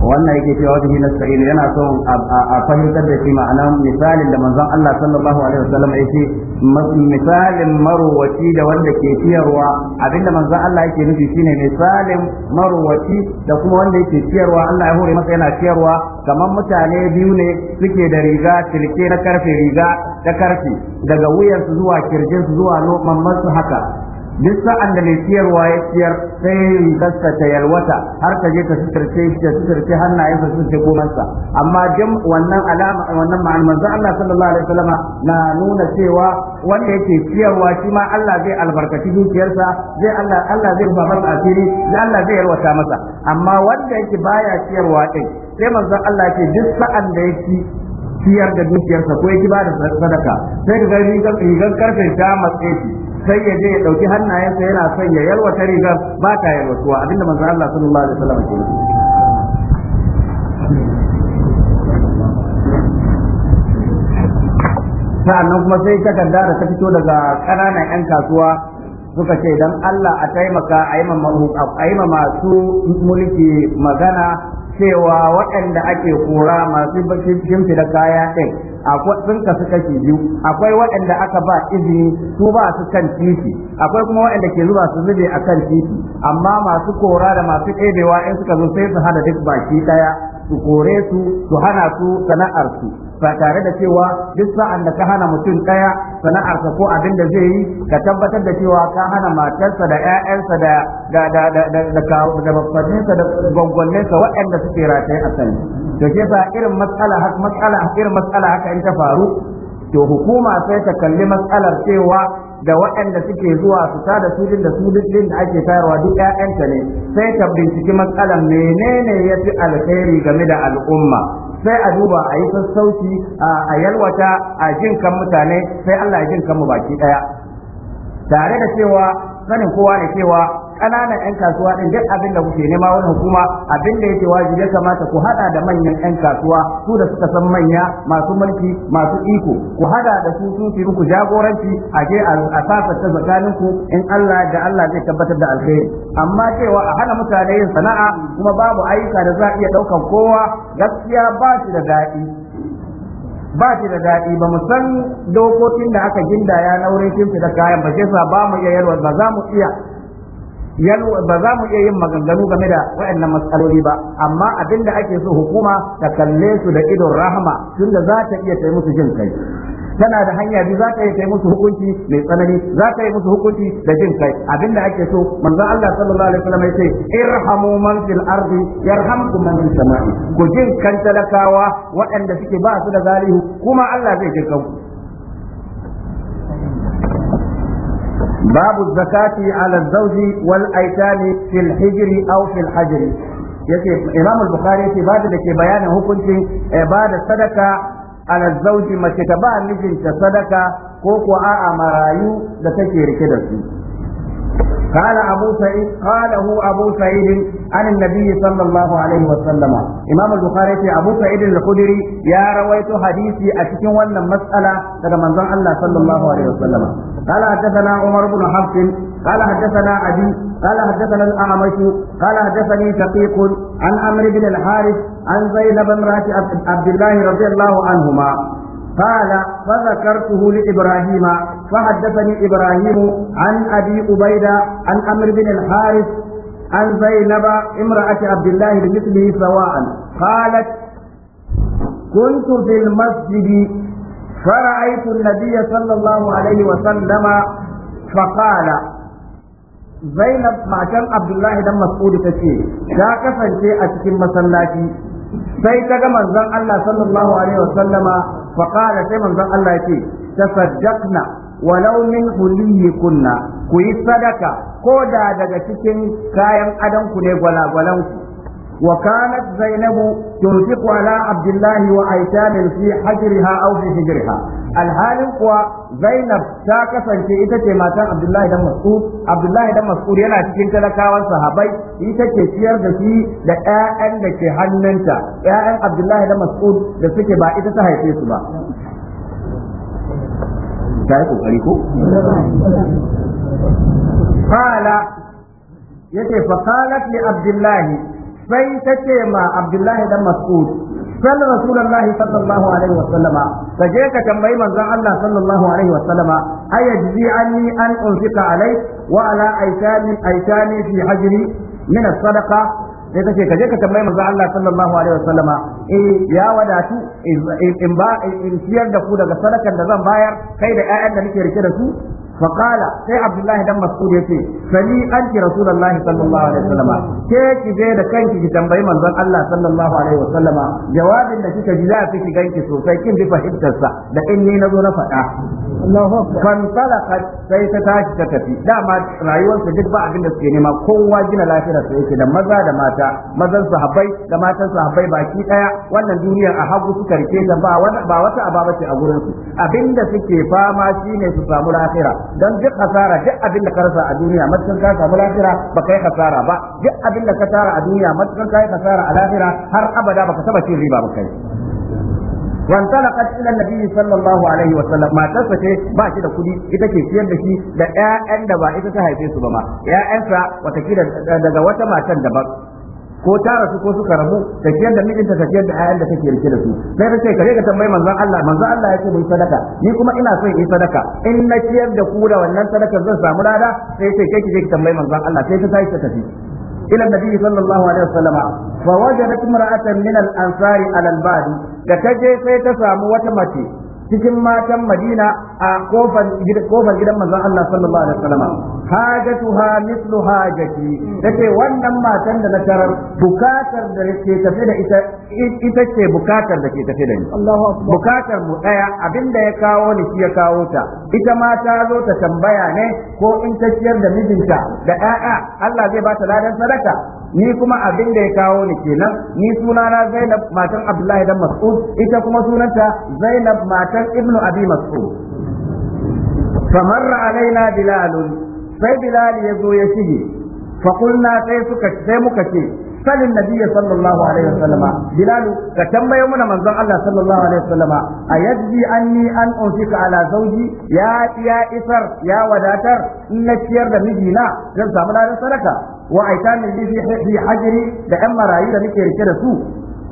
wannan yake cewa bihi nasta'in yana son a fahimtar da shi ma'ana misalin da manzon Allah sallallahu alaihi wasallam ce, misalin maruwaci da wanda ke ciyarwa abinda manzon Allah yake nufi shine misalin maruwaci da kuma wanda yake ciyarwa Allah ya hore masa yana ciyarwa kamar mutane biyu ne suke da riga tilke na karfe riga ta karfe daga wuyarsu zuwa kirjinsu zuwa loman masu haka duk sa'an da mai siyarwa ya siyar sai rigarsa ta yalwata har ka je ta shi da suturce hannaye ta suturce gomansa amma jam wannan alama wannan ma'an manzo Allah sallallahu alaihi wasallama na nuna cewa wanda yake siyarwa shi ma Allah zai albarkaci dukiyarsa zai Allah Allah zai ba masa asiri zai Allah zai yalwata masa amma wanda yake baya siyarwa din sai manzo Allah yake duk sa'an da yake siyar da dukiyarsa ko yake ba da sadaka sai ga rigar rigar karfe ta matse shi sai ya je ya dauki hannayensa yana son ya yalwata rigar ba ta yalwatuwa abinda manzo Allah sallallahu alaihi wasallam ke sa'annan kuma sai takarda da ta fito daga ƙananan 'yan kasuwa suka ce dan Allah a taimaka a yi ma masu mulki magana cewa waɗanda ake kora masu shimfida da kaya ɗin akwai sun kasu kashi biyu akwai waɗanda aka ba izini su ba su kan titi akwai kuma waɗanda ke zuba su zube a kan titi amma masu kora da masu ɗebewa in suka zo sai su hana duk baki ɗaya su kore su su hana su sana'ar su ba tare da cewa duk sa'an da ka hana mutum ɗaya sana'arsa ko abin da zai yi ka tabbatar da cewa ka hana matarsa da 'ya'yansa da da da da da da da babbaninsa da waɗanda suke rataye a sani to ke sa irin matsala matsala irin matsala haka in ta faru to hukuma sai ta kalli matsalar cewa da waɗanda suke zuwa su da filin da su filin da ake tayarwa duk ƴaƴanta ne sai ta binciki matsalar menene ya fi alheri game da al'umma sai a duba a yi sassauci a yalwata a jin kan mutane sai Allah ya jin kan mu baki ɗaya. tare da cewa sanin kowa ne cewa ƙananan 'yan kasuwa ɗin duk abin da kuke nema wani hukuma abin da yake wajibi ya kamata ku hada da manyan 'yan kasuwa su da suka san manya masu mulki masu iko ku hada da su su fi muku jagoranci a je a ta tsakanin ku in Allah da Allah zai tabbatar da alkhairi amma cewa a hana mutane yin sana'a kuma babu ayyuka da za a iya ɗaukan kowa gaskiya ba shi da daɗi ba shi da daɗi ba mu san dokokin da aka gindaya na wurin kimfi da kayan ba sai ba mu iya yarwa ba za mu iya yalwa ba za mu iya yin maganganu game da waɗannan matsaloli ba amma abin da ake so hukuma ta kalle su da idon rahama tunda za ta iya kai musu jin kai tana da hanya biyu za ta iya kai musu hukunci mai tsanani za ta iya musu hukunci da jin kai abinda ake so manzon Allah sallallahu alaihi wasallam ce irhamu man fil ardi yarhamkum man fis samai ku jin kan talakawa waɗanda suke ba su da zalihu kuma Allah zai jin kanku babu zakati ala zawji wal aitani fil au aw fil hajri yace imam al-bukhari yace babu da ke bayanin hukuncin ibada sadaka ala zawji mace ta ba mijinta sadaka ko kuwa a'a marayu da take rike da su قال أبو سعيد قاله أبو سعيد عن النبي صلى الله عليه وسلم إمام البخاري في أبو سعيد الخدري يا رويت حديثي أتكن ولا مسألة لدى من الله صلى الله عليه وسلم قال حدثنا عمر بن حفص قال حدثنا أبي قال حدثنا الأعمش قال حدثني شقيق عن عمرو بن الحارث عن زينب امرأة عبد الله رضي الله عنهما قال فذكرته لإبراهيم فحدثني إبراهيم عن أبي أبيدة عن أمر بن الحارث عن زينب امرأة عبد الله بمثله سواء قالت كنت في المسجد فرأيت النبي صلى الله عليه وسلم فقال Zainab matan Abdullahi dan Mas'ud ta ce ta kasance a cikin masallaci sai ta ga manzon Allah sallallahu alaihi wasallama فقال سيمن ذا الله يتي تصدقنا ولو من كنا كوي صدقة كودا daga cikin kayan adanku ne gwalagwalanku وكانت زينب تنفق على عبد الله وأيتام في حجرها أو في حجرها alhalin kuwa Zainab ta kasance ita ce matan Abdullahi dan Mas'ud Abdullahi dan Mas'ud yana cikin talakawan sahabai ita ce ciyar da shi da ƴaƴan da ke hannunta ƴaƴan Abdullahi dan Mas'ud da suke ba ita ta haife su ba yace Abdullahi sai ta ce ma abdullahi dan mas'ud sallu rasulullahi sallallahu alaihi wa sallama ka je ka tambayi manzon Allah sallallahu alaihi wa sallama ayajzi anni an unfika alai wa ala aitani aitani fi hajri min as-sadaqa sai kace ka je ka tambayi manzon Allah sallallahu alaihi wa sallama eh ya wadatu in ba in siyar da ku daga sadakar da zan bayar kai da ƴaƴan da nake rike da su فقال سي عبد الله دم مسعود يتي سني أنت رسول الله صلى الله عليه وسلم كيك زي da kanki ki tambayi manzon Allah sallallahu alaihi wasallam jawabin da kika ji za ki ganki sosai kin bi fahimtarsa, da in ni nazo na faɗa fantalaqat sai ta tashi ta tafi dama rayuwarsa duk ba abin da suke nema kowa gina lafiyar sa yake da maza da mata mazan sahabbai da matan sahabbai baki daya wannan duniyar a hagu suka rike ta ba ba wata ababa ce a gurin su abinda suke fama shine su samu lafira dan duk hasara duk abin da ka rasa a duniya matan ka samu lafira ba kai hasara ba duk abin da ka tara a duniya matan yi hasara a lafira har abada baka taba cin riba ba kai وانطلقت الى النبي صلى الله عليه وسلم ما تسكي ba shi da kudi ita ke ciyar da shi da ƴaƴan da ba ita ta haife su ba ma ƴaƴansa watakila daga wata matan daban ko ta rasu ko suka rabu ta ciyar da mijinta ta ciyar da ayan da take rike da su sai ta ce kare ka tambayi manzon Allah manzon Allah yake mun sadaka ni kuma ina son yi sadaka in na ciyar da ku da wannan sadaka zan samu lada sai ta ce je ki tambayi manzon Allah sai ta tashi ta tafi ila nabi sallallahu alaihi wasallam fa imra'atan min al-ansari ala al-badi da ta je sai ta samu wata mace cikin matan Madina a kofar gidan manzon Allah sallallahu alaihi wasallam ha mislu hajati tace wannan matan da na tarar bukatar da ke tafi da ita ita ce bukatar da ke tafi da ni bukatar mu daya abinda ya kawo ni shi ya kawo ta ita ma ta zo ta tambaya ne ko in ta ciyar da mijinta da 'ya'ya Allah zai ba ta ladan sadaka ni kuma abin da ya kawo ni kenan ni suna na Zainab matan Abdullahi dan Mas'ud ita kuma sunanta Zainab matan Ibn Abi Mas'ud famarra alaina bilalun sai bilal ya zo ya shige faqulna sai suka sai muka ce sali nabi sallallahu alaihi wasallama bilal ka tambaye mu na manzon Allah sallallahu alaihi wasallama ayadbi anni an unfika ala zawji ya ya isar ya wadatar in na ciyar da miji na zan samu da sadaka wa aitamin bi fi hajri da ɗan marayu da muke rike da su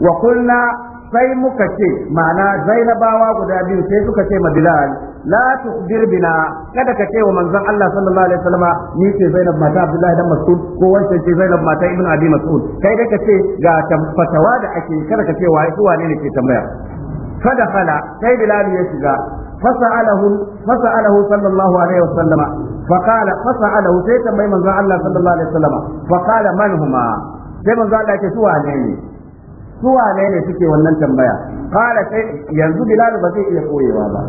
wa kulna sai muka ce ma'ana zainabawa guda biyu sai suka ce ma bilal la tukhbir bina kada ka ce wa manzon Allah sallallahu alaihi wasallam ni ce Zainab mata Abdullahi dan Mas'ud ko wanda ce Zainab mata Ibn Abi Mas'ud kai dai ka ce ga fatawa da ake kada ka ce wa su wane ne ke tambaya fadakhala sai bilal ya shiga فسأله فسأله صلى الله عليه وسلم فقال فسأله سيتم من الله صلى الله عليه وسلم فقال من هما sai manzo Allah ya ce su wane ne su wane ne suke wannan tambaya kala sai yanzu bilal ba zai iya koyewa ba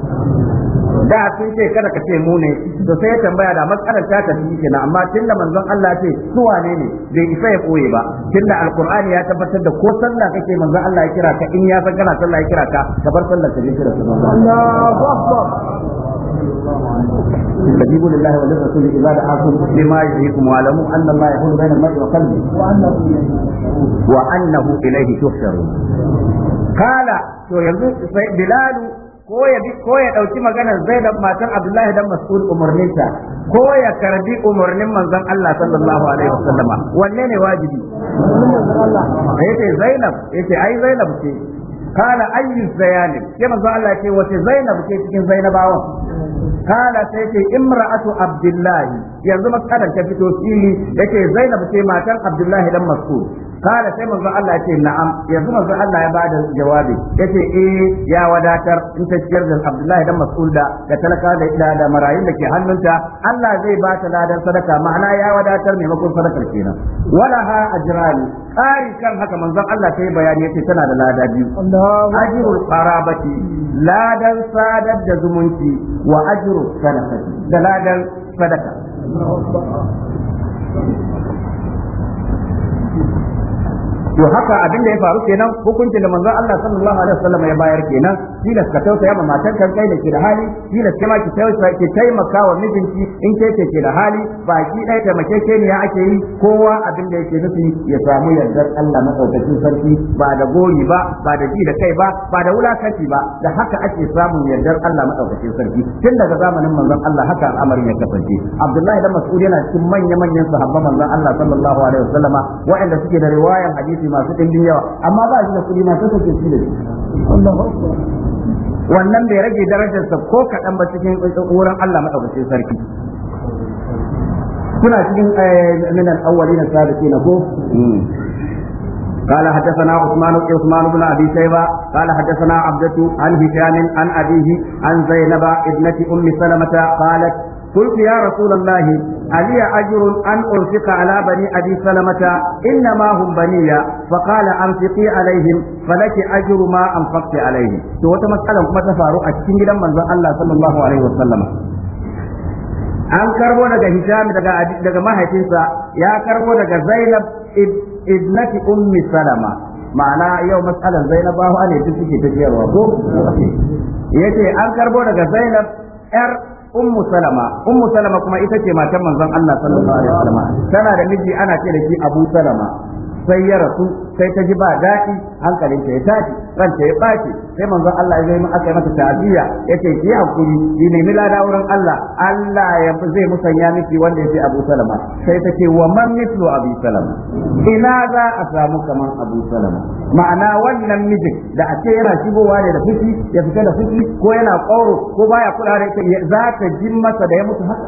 da sun ce kada ka ce mu ne to sai ya tambaya da matsalar ta ta shi kenan amma tunda manzon Allah ce su wane ne bai isa ya koye ba tunda alqur'ani ya tabbatar da ko sallah kake manzon Allah ya kira ka in ya san kana sallah ya kira ka ka bar sallar ka je kira ka Allahu akbar استجيبوا لله وللرسول اذا دعاكم لما يحييكم واعلموا ان الله يحول بين المرء وقلبه وانه اليه تحشرون قال to yanzu bilalu ko ya bi ko ya dauki maganar Zainab matan Abdullahi dan Mas'ud umarninta ko ya karbi umarnin manzon Allah sallallahu alaihi wasallama wanne ne wajibi yace Zainab yace ai Zainab ce kala ayyu ne, ya manzo Allah ce wace zainab ke cikin zainabawan kala sai ce imra'atu abdullahi yanzu matsalar ta fito fili yake Zainab ce matan Abdullahi dan Mas'ud kada sai manzo Allah ya ce na'am yanzu manzo Allah ya bada jawabi yace eh ya wadatar in ta ciyar da Abdullahi dan Mas'ud da da talaka da ila da marayun da ke hannunta Allah zai ba ta ladan sadaka ma'ana ya wadatar maimakon sadakar kenan wala ha ajrani Kari kan haka manzon Allah ta yi bayani yace tana da lada biyu ajrul qarabati ladan sadar da zumunci wa ajrul sadaqati da ladan sadaka है to haka abin da ya faru kenan hukuncin da manzon Allah sallallahu alaihi wasallam ya bayar kenan tilas ka tausaya ma matar kan kai da ke da hali tilas kama ki tausaya ki taimaka wa mijinki in ke ke ke da hali baki ɗaya taimake ke ne ake yi kowa abin da yake nufi ya samu yardar Allah madaukakin sarki ba da goyi ba ba da ji da kai ba ba da wulakanci ba da haka ake samun yardar Allah madaukakin sarki tun daga zamanin manzon Allah haka al'amarin ya kasance Abdullahi da Mas'ud yana cikin manya-manyan sahabban manzon Allah sallallahu alaihi wasallama waɗanda suke da riwayan hadisi masu ɗimbin yawa amma ba shi da kuɗi masu sakin shi da shi wannan bai rage darajarsa ko kaɗan ba cikin eh, wurin Allah maɗaukacin sarki suna cikin eh, min al-awwalin sabiqina ko hmm. قال حدثنا عثمان عثمان بن ابي شيبه قال حدثنا عبدة عن هشام عن ابيه عن زينب ابنة ام سلمة قالت قلت يا رسول الله علي أجر أن أنفق على بني أبي سلمة إنما هم بنية فقال أنفقي عليهم فلك أجر ما أنفقت عليهم تو مسألة كما تفارو أتكين جدا من الله صلى الله عليه وسلم an karbo daga Hisham daga mahaifinsa ya karbo daga Zainab ibnati ummi Salama ma'ana yau matsalar Zainabawa ne duk suke tafiyarwa ko yace an karbo daga Zainab yar ummu salama ummu salama kuma ita ce matan manzon Allah sallallahu alaihi tana da miji ana ce da shi abu salama sai ya rasu sai ta ji ba daɗi hankalin ta ya tashi ta ya ɓaci sai manzon Allah ya zai aka yi mata ta'aziyya ce ki hakuri ki nemi lada wurin Allah Allah ya zai musanya miki wanda yake Abu Salama sai ta ce wa man mithlu Abu Salama ina za a samu kaman Abu Salama ma'ana wannan mijin da a ce yana shigowa ne da fushi ya fita da fushi ko yana ƙoro ko baya kula da ita za ta ji masa da ya mutu haka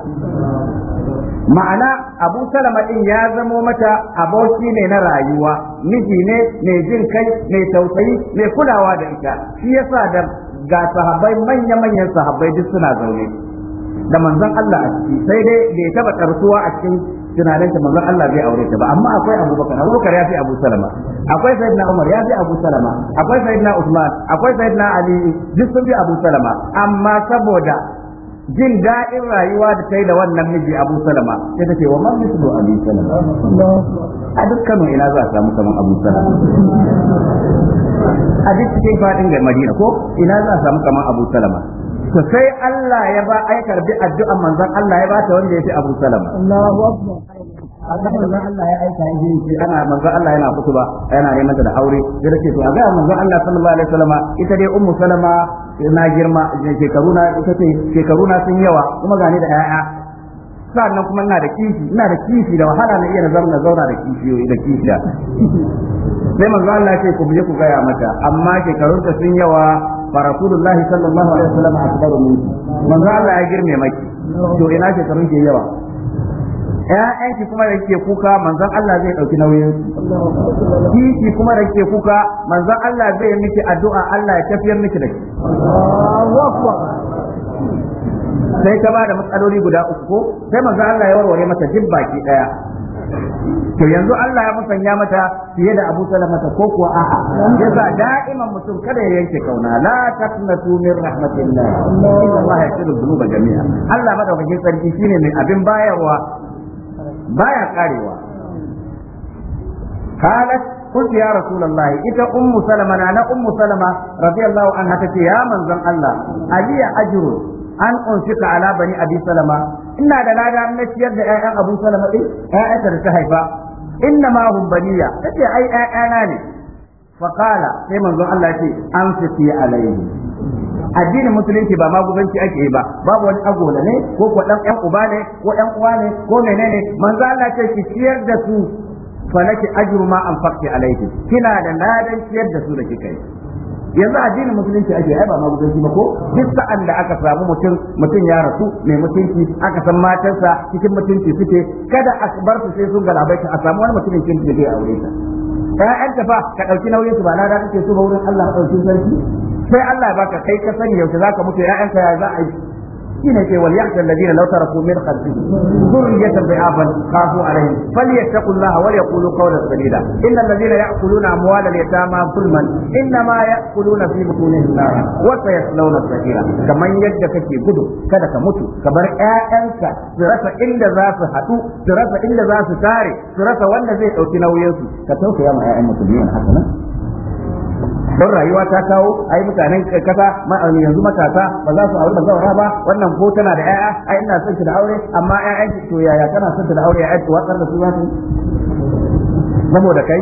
ma'ana abu salama din ya zamo mata aboki ne na rayuwa miji ne mai jin kai mai tausayi mai kulawa da ita shi yasa da ga sahabbai manya manyan sahabbai duk suna zaune da manzon Allah a ciki sai dai bai taba karsuwa a cikin tunaninta manzon Allah bai aure ta ba amma akwai Abu Bakar Abu Bakar ya fi Abu Salama akwai Sayyidina Umar ya fi Abu Salama akwai Sayyidina Usman akwai Sayyidina Ali duk sun fi Abu Salama amma saboda jin daɗin rayuwa da ta yi da wannan miji abu salama sai ta ce wa man mislu abu salama a dukkanin ina za a samu kaman abu salama a duk cikin fadin ga madina ko ina za a samu kaman abu salama to sai Allah ya ba aikar bi addu'an manzon Allah ya ba ta wanda ya fi abu salama Allahu akbar haka manzo Allah ya aika yin jini ce ana manzo Allah yana kutu ba yana neman ta da aure sai take to a ga manzo Allah sallallahu alaihi wasallama ita dai ummu salama na girma shekaru na ita ce shekaru na sun yawa kuma gane da 'ƴaƴa sannan kuma ina da kishi ina da kishi da wahala na iya na zauna da kishiyoyi da kishiya sai manzo Allah ce ku je ku gaya mata amma shekarun ta sun yawa fa rasulullah sallallahu alaihi wasallam akbaru minki manzo Allah ya girme maki to ina shekarun ke yawa ƴaƴan ki kuma da ke kuka manzon Allah zai dauki nauyin ki ki kuma da ke kuka manzon Allah zai yi miki addu'a Allah ya tafiyar miki da sai ta ba da matsaloli guda uku ko sai manzon Allah ya warware mata jin baki daya to yanzu Allah ya musanya mata fiye da Abu ta ko kuwa a'a yasa da'iman mutum kada ya yanke kauna la taqnatu min rahmatillah inna Allah yaghfiru dhunuba jami'a Allah madaukakin sarki shine mai abin bayarwa baya ƙarewa. kala kunti ya rasulullahi ita ummu salama na na ummu salama radiyallahu anha ta ce ya manzon allah aliya ajru an unsika ala bani abi salama ina da ladan na ciyar da ayyan abu salama din ayyan da ta haifa inna ma hum baniya kace ai ayyana ne fa kala sai manzon allah ce an sifi alayhi addinin musulunci ba magudanci ake yi ba babu wani da ne ko ko dan yan uba ne ko yan uwa ne ko menene manzo Allah ce ki ciyar da su falaki ajru ma anfaqti alayhi kina da ladan ciyar da su da kika yi yanzu addinin musulunci ake ai ba magudanci ba ko duk sa'an da aka samu mutum mutum ya rasu mai mutunci aka san matarsa cikin mutunci suke kada a bar su sai sun galabaita a samu wani mutumin kin da zai aure ta ƴaƴanta fa ka ɗauki nauyin su ba na da kake so ba wurin Allah ɗauki sarki sai Allah ya baka kai ka sani yaushe zaka mutu ya'yanka ya za a yi shine ce wal yahzar ladina law taraku min khalfihim dhurriyatan bi'afan khafu alaihim falyattaqullaha wal yaqulu qawlan sadida innal ladina ya'kuluna amwala al-yatama zulman innama ya'kuluna fi butunihim nara wa sayaslawna sa'ira kaman yadda kake gudu kada ka mutu ka bar ƴaƴanka su rasa inda za su haɗu su rasa inda za su tare su rasa wanda zai ɗauki nauyin su ka tausaya ma ƴaƴan musulmi haka hakanan. don rayuwa ta kawo ai mutanen kasa yanzu matasa ba za su aure ba zaura ba wannan ko tana da ƴaƴa ai ina son ki da aure amma ƴaƴan ki to yaya kana son ki da aure ƴaƴan ki watsar da su zaki saboda kai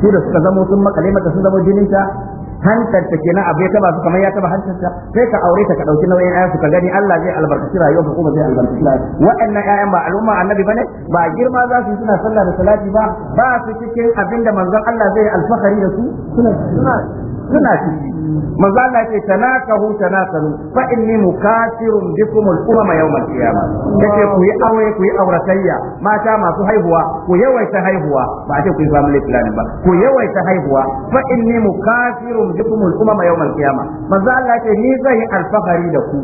su da suka zamo sun makale mata sun zama jinin ta hantarta kenan abu ya taba su kamar ya taba hantarta sai ka aure ta ka dauki nauyin ayansu ka gani Allah zai albarkaci rayuwar ka kuma zai albarkaci waɗannan 'ya'yan ba al'umma annabi bane ba girma za su suna sallah da salati ba ba su cikin abinda manzon Allah zai alfahari da su suna suna ciki manzo Allah yake tanakahu tanakalu fa inni mukathirun bikum al-umama yawm al-qiyamah yace ku yi aure ku yi auratayya mata masu haihuwa ku yawaita haihuwa ba a ce ku yi family planning ba ku yawaita haihuwa fa inni mukathirun bikum al-umama yawm al-qiyamah manzo Allah yake ni zai alfahari da ku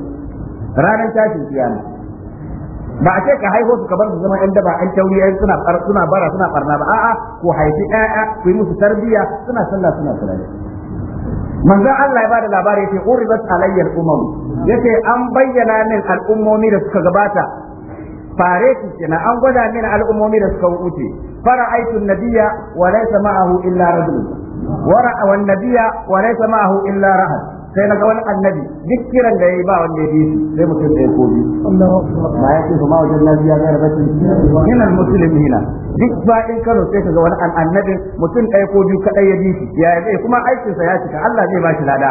ranar tashin kiyama ba a ce ka haihu su ka bar su zama yan daba an tauri yan suna suna bara suna barna ba a'a ku haifi ƴaƴa ku yi musu tarbiyya suna sallah suna tunani manzon Allah ya bada labari yace uribat alayya al-umam yace an bayyana min al'ummomi da suka gabata fareti kenan an gwada min al'ummomi da suka wuce fara'aytu an-nabiyya wa laysa ma'ahu illa rajul wa ra'a an-nabiyya wa laysa ma'ahu illa rahab sai na ga wani annabi duk kiran da ya yi ba wanda ya bi sai mutum da ya kobi ba ya ce su ma wajen nabi ya gara bace min al hina duk baɗin Kano sai kaga wani annabi mutum ɗaya ko biyu kadai ya bi shi ya yi kuma aikinsa ya cika Allah zai ba shi lada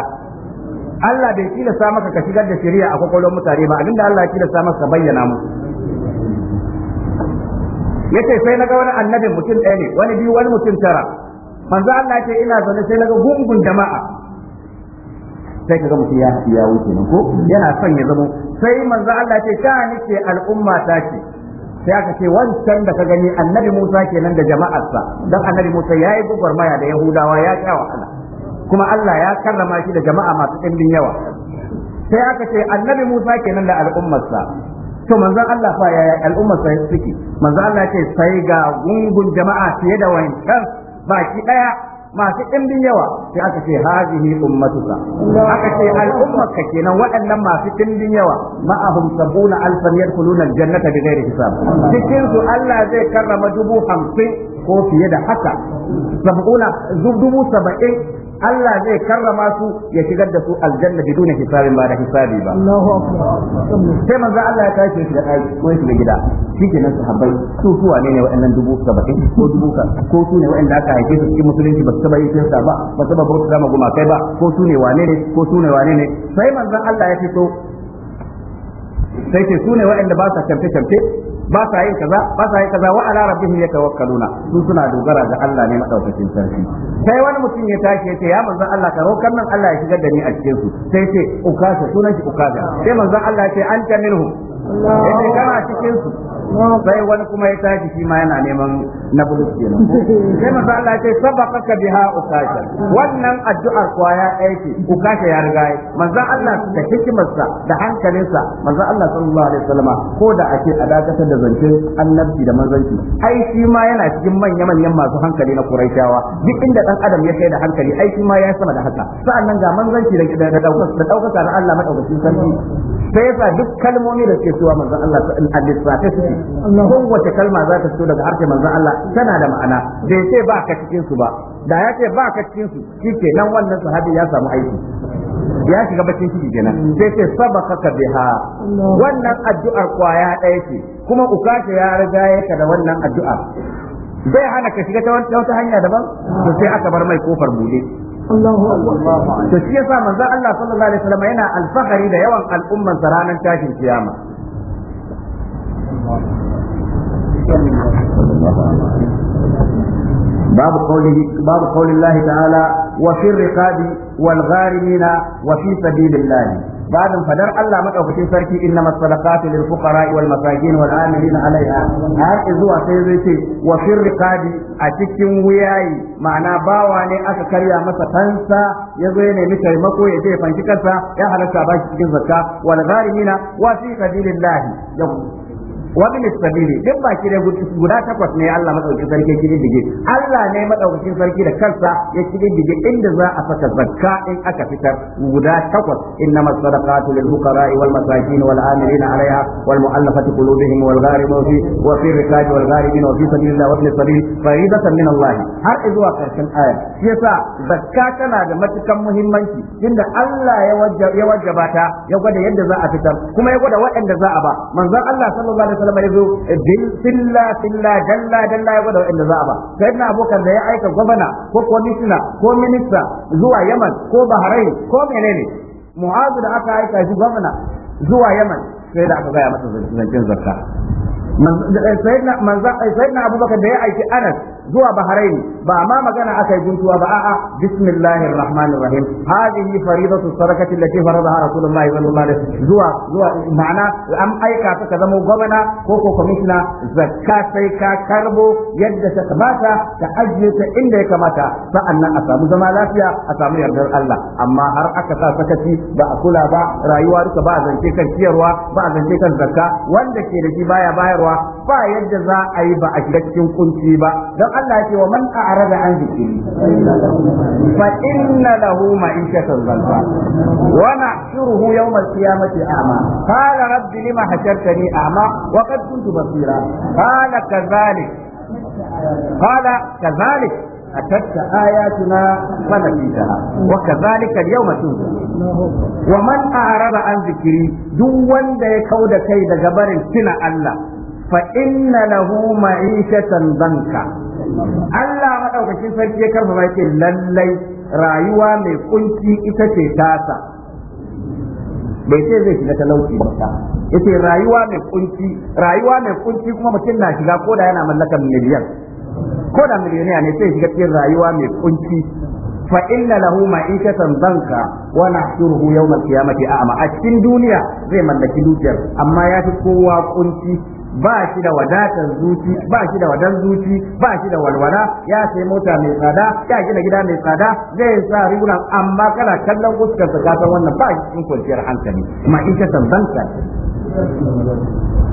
Allah bai sa maka ka shigar da shari'a a kwakwalwar mutane ba abinda Allah ya tilasta maka ka bayyana musu yace sai na ga wani annabin mutum ɗaya ne wani biyu wani mutum tara manzo Allah ce ina zaune sai naga gungun jama'a sai ka ga mutum ya ya wuce nan ko yana son ya zamo sai manzo Allah ce ta ni ce al'umma ta ce sai aka ce wancan da ka gani annabi Musa kenan da jama'arsa dan annabi Musa yayi gwagwarmaya da Yahudawa ya sha wahala kuma Allah ya karrama shi da jama'a masu ɗimbin yawa sai aka ce annabi Musa kenan da al'ummarsa to manzon Allah fa yaya al'ummarsa suke manzon Allah ce sai ga gungun jama'a fiye da wancan baki daya masu ɗimbin yawa sai aka ce hazihi ummatuka aka ce al'ummarka kenan waɗannan masu ɗimbin yawa ma'ahum sabuna alfan yadkhuluna aljannata bighairi hisab cikin su Allah zai karrama dubu hamsin ko fiye da haka sabuna dubu saba'in Allah zai karrama su ya shigar da su aljanna biduna hisabin ba da hisabi ba Allahu akbar sai manzo Allah ya tashi shi da kai ko shi gida shikenan sahabbai su su wane ne waɗannan dubu 70 ko dubu ka ko su ne waɗanda aka haife su cikin musulunci ba su taba yi shirka ba ba su taba bauta ma kai ba ko su ne wane ne ko su ne wane ne sai manzo Allah ya fito sai ce su ne waɗanda ba sa kamfe kamfe ba sa yin kaza ba sa yin kaza wa ala rabbihim yatawakkaluna su suna dogara ga Allah ne madaukakin sarki sai wani mutum ya tashi yace ya manzo Allah ka rokan nan Allah ya shigar da ni a cikin su sai ce ukasa sunan shi ukasa sai manzon Allah ya ce anta yace kana cikin su sai wani kuma ya tashi shi ma yana neman na bulus ne sai manzo Allah ya ce sabaqaka biha ukasha wannan addu'ar kwa ya ce ukasha ya riga manzo Allah da hikimarsa da hankalinsa manzo Allah sallallahu alaihi wasallama ko da ake dakatar da zance annabi da manzanci ai shi ma yana cikin manya manyan masu hankali na Quraishawa duk inda dan adam ya kai da hankali ai shi ma ya sama da haka sa'annan ga manzanci da da daukar da daukar da Allah madaukakin sarki sai yasa duk kalmomi da ke. cewa manzon Allah a lissafe suke kowace kalma za ta fito daga harshen manzon Allah tana da ma'ana bai ce ba ka cikin su ba da ya ce ba ka cikin su shike nan wannan sahabi ya samu aiki ya shiga bakin ciki kenan sai ce sabaka ka biha wannan addu'ar kwaya ɗaya ce kuma ukasha ya riga yaka da wannan addu'a bai hana ka shiga ta wata hanya daban to sai aka bar mai kofar bude to shi yasa manzo Allah sallallahu alaihi wasallam yana alfahari da yawan al'umman sa ranar tashin kiyama باب قوله باب قول الله تعالى وفي الرقاب والغارمين وفي سبيل الله بعد فدر الله مدaukakin sarki innama sadaqatu lil fuqara wal masakin wal amilin alaiha har zuwa sai zai ce wa fir riqabi a cikin wuyayi ma'ana bawa ne aka karya masa kansa ya zo ya nemi taimako ya je fanki kansa ya halatta ba shi cikin zakka wal gharimina wa fi sabilillah wa bil sabili duk baki da guda takwas ne Allah madaukakin sarki ya kididdige Allah ne madaukakin sarki da kansa ya kididdige inda za a saka zakka in aka fitar guda takwas innama sadaqatu lil fuqara wal masakin wal amilin alaiha wal mu'allafati qulubihim wal gharimin fi wa fi rikab wal gharimin wa fi sabilillah wa fi sabil faridatan min Allah har zuwa karshen aya shi yasa zakka tana da matukan muhimmanci inda Allah ya wajaba ta ya gwada yadda za a fitar kuma ya gwada waɗanda za a ba manzon Allah sallallahu alaihi wasallam ya zo din silla silla dalla dalla ya gwada wanda za a ba sayyidina abubakar da ya aika gwamna ko komishina ko minista zuwa yaman ko bahrain ko menene mu'azu da aka aika shi gwamna zuwa yaman sai da aka gaya masa zancen zakka eh, eh, sayyidina abubakar da ya aiki anas zuwa bahrain ba ma magana yi guntuwa ba a'a bismillahir rahmanir rahim hadhihi faridatu sarakati allati faradaha rasulullahi sallallahu alaihi wasallam zuwa zuwa ma'ana an aika ka ka zama gwamna ko ko commissioner zakka sai ka karbo yadda ta kamata ta ajiye ta inda ya kamata sa'annan a samu zama lafiya a samu yardar Allah amma har aka sa sakaci ba a kula ba rayuwa duka ba a zance kan ciyarwa ba a zance kan zakka wanda ke da shi baya bayarwa ba yadda za a yi ba a shiga cikin kunci ba dan Allah ce wa man a'rada an zikiri. fa inna lahu ma'ishatan dhanba wa nahshuruhu yawm al-qiyamati a'ma qala rabbi lima hashartani a'ma wa qad kuntu basira qala kadhalik qala kadhalik أتتك آياتنا فنسيتها وكذلك اليوم تنسى ومن أعرض عن ذكري دون يكود كيد جبر سنة الله فإن له معيشة ضنكا Allah maɗaukacin sarki ya karfafa yake lallai rayuwa mai kunci ita ce tasa bai ce zai shiga talauci ba yace rayuwa mai kunci rayuwa mai kunci kuma mutum na shiga ko da yana mallakar miliyan ko da miliyoniya ne sai shiga cikin rayuwa mai kunci fa inna lahu ma'ikatan banka wa nahshuruhu yawm qiyamati a'ma a cikin duniya zai mallaki dukiyar amma ya fi kowa kunci ba shi da wadatar zuci ba shi da wadan zuci ba shi da walwala ya sai mota mai tsada ya gina gida mai tsada zai sa riguna. amma kana kallon fuskar sa kasan wannan ba shi cikin kwanciyar hankali amma in ka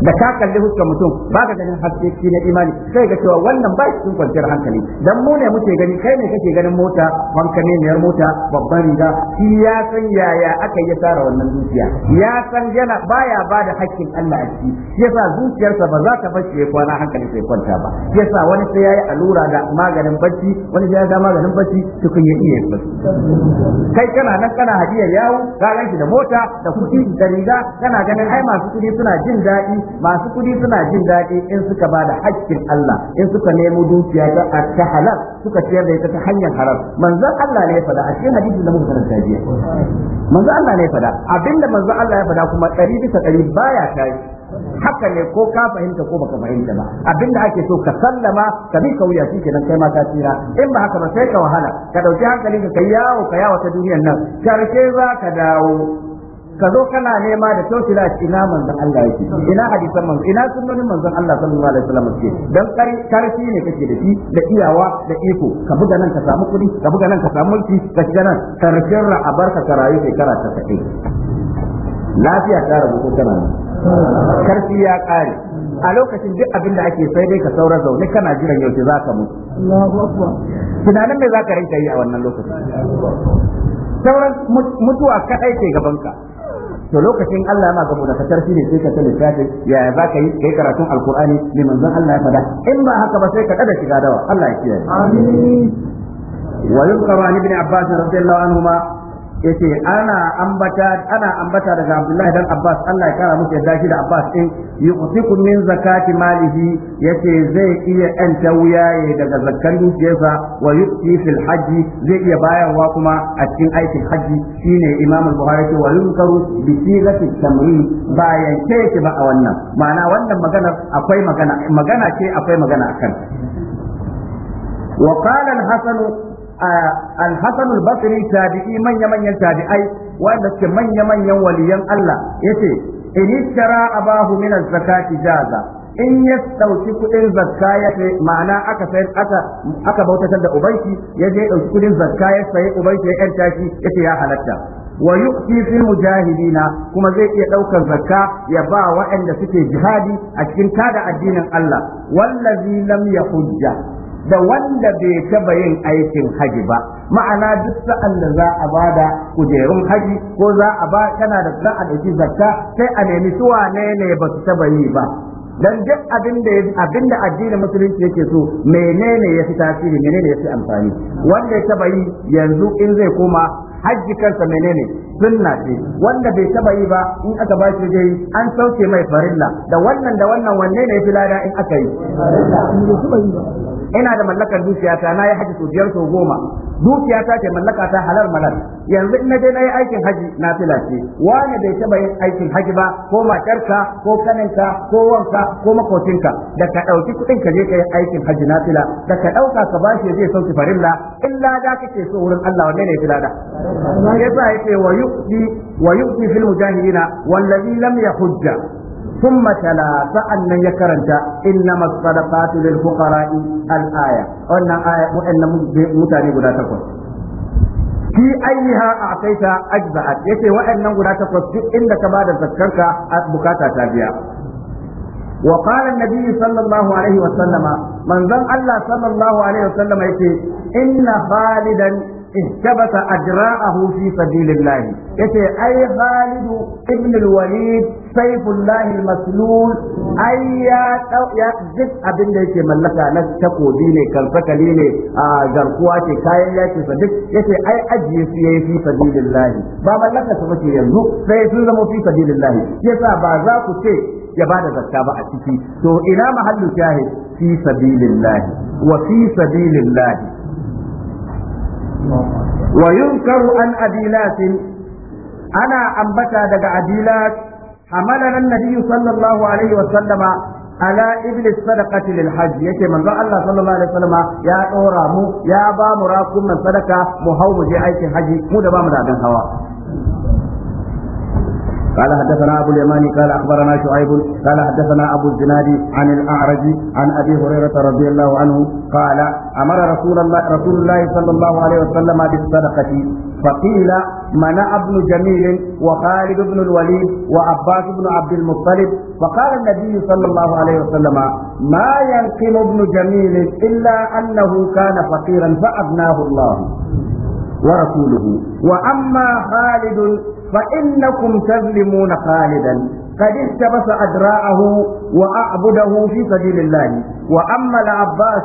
da ka kalli hukkan mutum ba ka ganin haske shi na imani sai ga cewa wannan ba cikin kwanciyar hankali dan mu ne muke gani kai ne kake ganin mota wanka ne mota babban riga shi ya san yaya aka yi tsara wannan zuciya ya san yana baya ba da hakkin Allah a ciki yasa zuciyarsa ba za ta bace ya kwana hankali sai kwanta ba yasa wani sai ya yi alura da maganin bacci wani sai ya ga maganin bacci tukun ya iya yi kai kana nan kana hadiyar yawo ka ganki da mota da kuɗi da riga kana ganin ai masu kudi suna jin daɗi masu kudi suna jin daɗi in suka ba da haƙƙin Allah in suka nemo dukiya ta ta halal suka ciyar da ita ta hanyar haram manzon Allah ne ya a cikin hadisi da muka karanta jiya manzon Allah ne ya fada abinda manzon Allah ya fada kuma ɗari bisa ɗari baya tayi haka ne ko ka fahimta ko baka fahimta ba abinda ake so ka sallama ka bi ka wuya shike nan kai ma ka tsira in ba haka ba sai ka wahala ka dauki hankali ka kai yawo ka yawo ta duniyar nan karshe za ka dawo ka zo kana nema da tausila ina manzon Allah yake ina hadisan manzon ina sunnonin manzon Allah sallallahu alaihi wasallam yake dan karfi ne kake da shi da iyawa da iko ka buga nan ka samu kuɗi ka buga nan ka samu mulki ka shiga nan karfin ra'abar abarka karayi kai kara ta kaɗai lafiya ta rabu ko kana nan karfi ya ƙare a lokacin duk abin da ake sai dai ka saura zaune kana jiran yau za ka mutu tunanin me za ka rinka yi a wannan lokacin sauran mutuwa kaɗai ke gabanka to lokacin Allah ma ga budakatar shi ne sai ka tsaya lissafi ya za ka yi kai karatun alkur'ani ne manzon Allah ya fada in ba haka ba sai ka kada shiga dawa Allah ya kiyaye amin wa yuzkaru an ibn abbas radiyallahu ma. yace ana ambata ana ambata daga Abdullahi dan Abbas Allah ya kara musu yadda shi da Abbas din yuqtikum min zakati malihi yace zai iya anta wuyaye daga zakkan dukiyarsa wa yuqti fil haji zai iya bayarwa kuma a cikin aikin haji shine Imam Buhari ce wa yunkaru bi sigati tamri ba yanke ki ba a wannan ma'ana wannan magana akwai magana magana ce akwai magana akan وقال الحسن al-Hasan al-Basri tabi'i manya manyan tabi'ai wanda suke manya manyan waliyan Allah yace in ishtara abahu min az-zakati jaza in ya dauki kudin zakka ya sai ma'ana aka sai aka aka bautatar da ubanki ya je dauki kudin zakka ya sai ubanki ya yanta shi yace ya halatta wa yu'ti fil mujahidina kuma zai iya daukar zakka ya ba waɗanda suke jihadi a cikin tada addinin Allah wallazi lam yahujja da wanda bai taba yin aikin haji ba ma'ana duk sa'an da za a bada kujerun haji ko za a ba kana da za a zakka sai a nemi su wane ne ba su taba yi ba dan duk abin da abin da addinin musulunci yake so menene ya fi tasiri menene ya fi amfani wanda ya taba yi yanzu in zai koma hajji kansa menene sunna ce wanda bai taba yi ba in aka ba shi dai an sauke mai farilla da wannan da wannan wanne ne ya fi lada in aka yi ina da mallakar dukiyata na yi haji sau biyar sau goma dukiyata ke mallaka ta halal malal yanzu in je na yi aikin haji na fila ce wani bai taba yin aikin haji ba ko matarka ko kaninka ko wanka ko makocinka da ka ɗauki kuɗin ka je ka yi aikin haji na fila da ka ɗauka ka bashi zai sauki farilla illa da kake so wurin Allah wanne ne fila da yasa yake wa yuqdi wa yuqdi fil mujahidina wallazi lam yahujja ثم تلا فأن يكرنت إنما الصدقات للفقراء الآية وأن آية وأن متاني قد تقول في أيها أعطيت أجزأت يتي وأن قد تقول إنك بعد ذكرك بكاتا تابعا وقال النبي صلى الله عليه وسلم من ذم الله صلى الله عليه وسلم يتي إن خالدا istabata ajra'ahu fi sabilillah yace ai Khalid ibn al-Walid sayfullah al-maslul ai ya ya abin da yake mallaka na takobi ne kansakali ne a garkuwa ce kayan yaki sa duk yace ai ajiye su yayi fi sabilillah ba mallaka sa bace yanzu sai sun zama fi sabilillah yasa ba za ku ce ya bada zakka ba a ciki to ina mahallu shahid fi sabilillah wa fi sabilillah ويذكر عن أبي لاس أنا أنبتا دقى أبي لاس حملنا النبي صلى الله عليه وسلم على إبل الصدقة للحج يكي من الله صلى الله عليه وسلم يا أورامو يا بامراكم من صدقة مهوم جي أيك حجي مو دبام دابن هوا قال حدثنا أبو اليماني قال أخبرنا شعيب قال حدثنا أبو الزناد عن الأعرج عن أبي هريرة رضي الله عنه قال أمر رسول الله, رسول الله صلى الله عليه وسلم بالصدقة فقيل منع ابن جميل وخالد بن الوليد وعباس بن عبد المطلب فقال النبي صلى الله عليه وسلم ما ينقم ابن جميل إلا أنه كان فقيرا فأغناه الله ورسوله وأما خالد فإنكم تظلمون خالدا قد احتبس أدراعه وأعبده في سبيل الله وأما العباس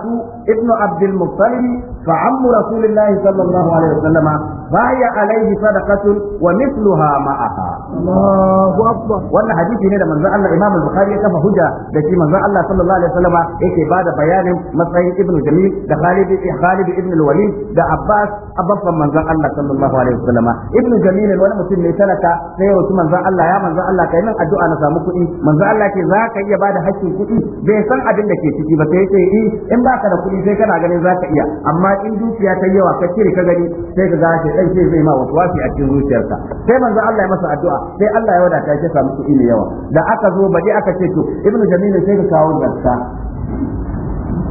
ابن عبد المطلب فعم رسول الله صلى الله عليه وسلم بايع عليه صدقة ومثلها معها الله أكبر وأن حديث هنا من زعل الإمام البخاري كفى هجة لكي من الله صلى الله عليه وسلم يكي بعد بيان مصري ابن جميل ده خالد خالد ابن الوليد ده عباس أبفا من الله صلى الله عليه وسلم ابن جميل وأنا مسلم لسنة سيرة من الله يا من الله كأن الدعاء نسامو كئي من الله كي ذاك إيا بعد حكي كئي بيسان أبن لكي تكي بس يكي إيه إن باك da kuɗi sai kana ganin za ka iya amma in dukiya ta yawa ka cire ka gani sai ka ga shi dan sai zai ma waswasi a cikin zuciyarsa sai manzo Allah ya masa addu'a sai Allah ya wadata ya samu su mai yawa da aka zo baje aka ce to ibnu jamil sai ka kawo zakka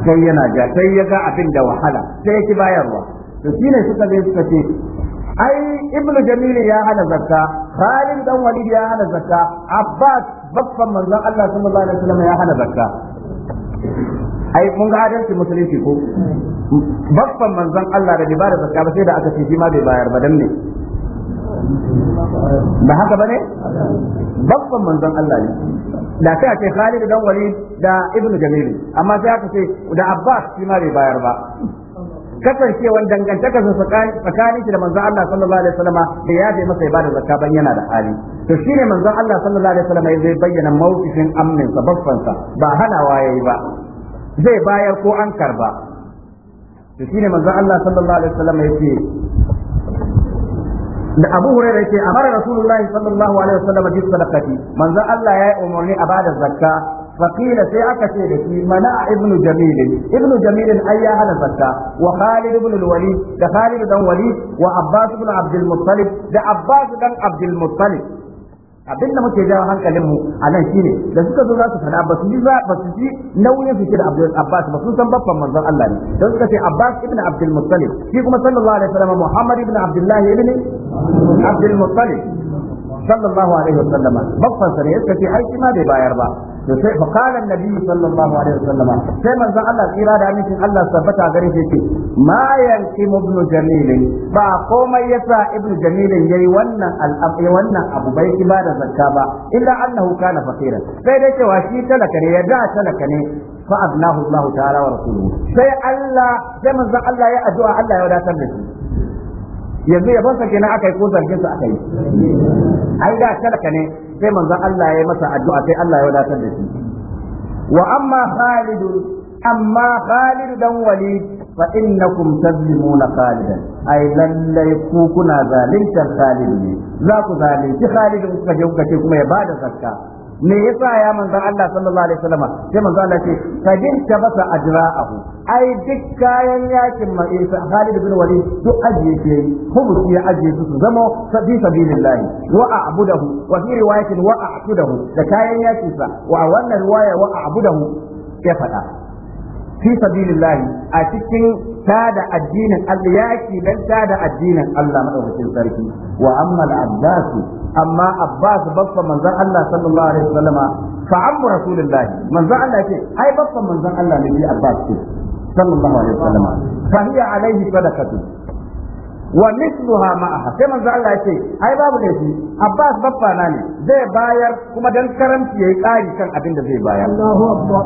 sai yana ja sai ya ga abin da wahala sai ya ki bayarwa to shine suka je suka ce ai ibnu jamil ya hana zakka Khalid dan Walid ya hana zakka Abbas babban manzon Allah sallallahu alaihi wasallam ya hana zakka ai mun ga adalci musulunci ko babban manzon Allah da bai ba da zakka ba sai da aka ce shi ma bai bayar ba dan ne ba haka bane babban manzon Allah ne da sai ake Khalid dan Walid da Ibn Jamil amma sai aka ce da Abbas shi ma bai bayar ba kasancewan dangantaka tsakanin shi da manzon Allah sallallahu alaihi wasallam da ya bai masa ibada zakka ban yana da hali to shine manzon Allah sallallahu alaihi wasallam zai bayyana mawqifin amnin sa babban sa ba hanawa yayi ba zai bayar ko an karba to shine manzon Allah sallallahu alaihi wasallam yake da Abu Hurairah yake amara Rasulullahi sallallahu alaihi wasallam bi sadaqati Allah ya yi umarni a bada zakka فقيل سيأك ce da ابن جميل ابن جميل أي أهل زكاة وخالد بن الوليد ده خالد بن الوليد وعباس بن عبد المطلب ده عباس بن عبد المطلب abin da muke jawo hankalin mu a nan shine da suka zo za su fada ba su ji ba su ji nauyin su da Abdul Abbas ba sun san babban manzon Allah ne don suka ce Abbas ibn Abdul Muttalib shi kuma sallallahu alaihi wasallam Muhammad ibn Abdullah ibn Abdul Muttalib sallallahu alaihi wasallam babban sa ne yake ce ai shi ma bai bayar ba to sai fa qala annabi sallallahu alaihi wasallam sai manzon Allah tsira da miki Allah sabbata gare shi ce ma yanqim ibn jamil ba komai yasa ibn jamil yayi wannan al'amari wannan abu bai ki ibada zakka ba illa annahu kana fakiran sai dai cewa shi talaka ne yadda talaka ne fa abnahu Allah ta'ala wa rasuluhu sai Allah sai manzon Allah ya addu'a Allah ya wadatar da shi yanzu ya yabonsa kenan aka yi ko zargin sa aka yi ai da talaka ne sai manzon Allah ya masa addu'a sai Allah ya wadatar da shi wa amma Khalid amma Khalid dan Walid fa innakum tazlimuna Khalidan ai lallai ku kuna zaluntar Khalid ne za ku zalunci Khalid kuka je kuka ce kuma ya bada zakka me yasa ya manzon Allah sallallahu alaihi wasallam sai manzon Allah ce fadin tabasa ajra'ahu ai duk kayan yakin ma Isa eh, Khalid bin Walid duk ajiye ke humus ya ajiye su zama sabi sabilillah wa a'budahu wa fi riwayatin wa a'budahu da kayan yakin sa wa wannan riwaya wa a'budahu ya fada fi sabilillahi a cikin tada addinin Allah yaki dan tada addinin Allah madaukakin sarki wa amma al-abbas amma abbas baffa manzon Allah sallallahu alaihi wasallama fa amma rasulillahi manzon Allah ce ai baffa manzon Allah ne bi abbas ce sallallahu alaihi wasallama fa hiya alaihi sadaqatu wa mithluha ma'aha sai manzo Allah ya ce ai babu da shi Abbas baffa na ne zai bayar kuma dan karanci yayi kari kan abin da zai bayar Allahu akbar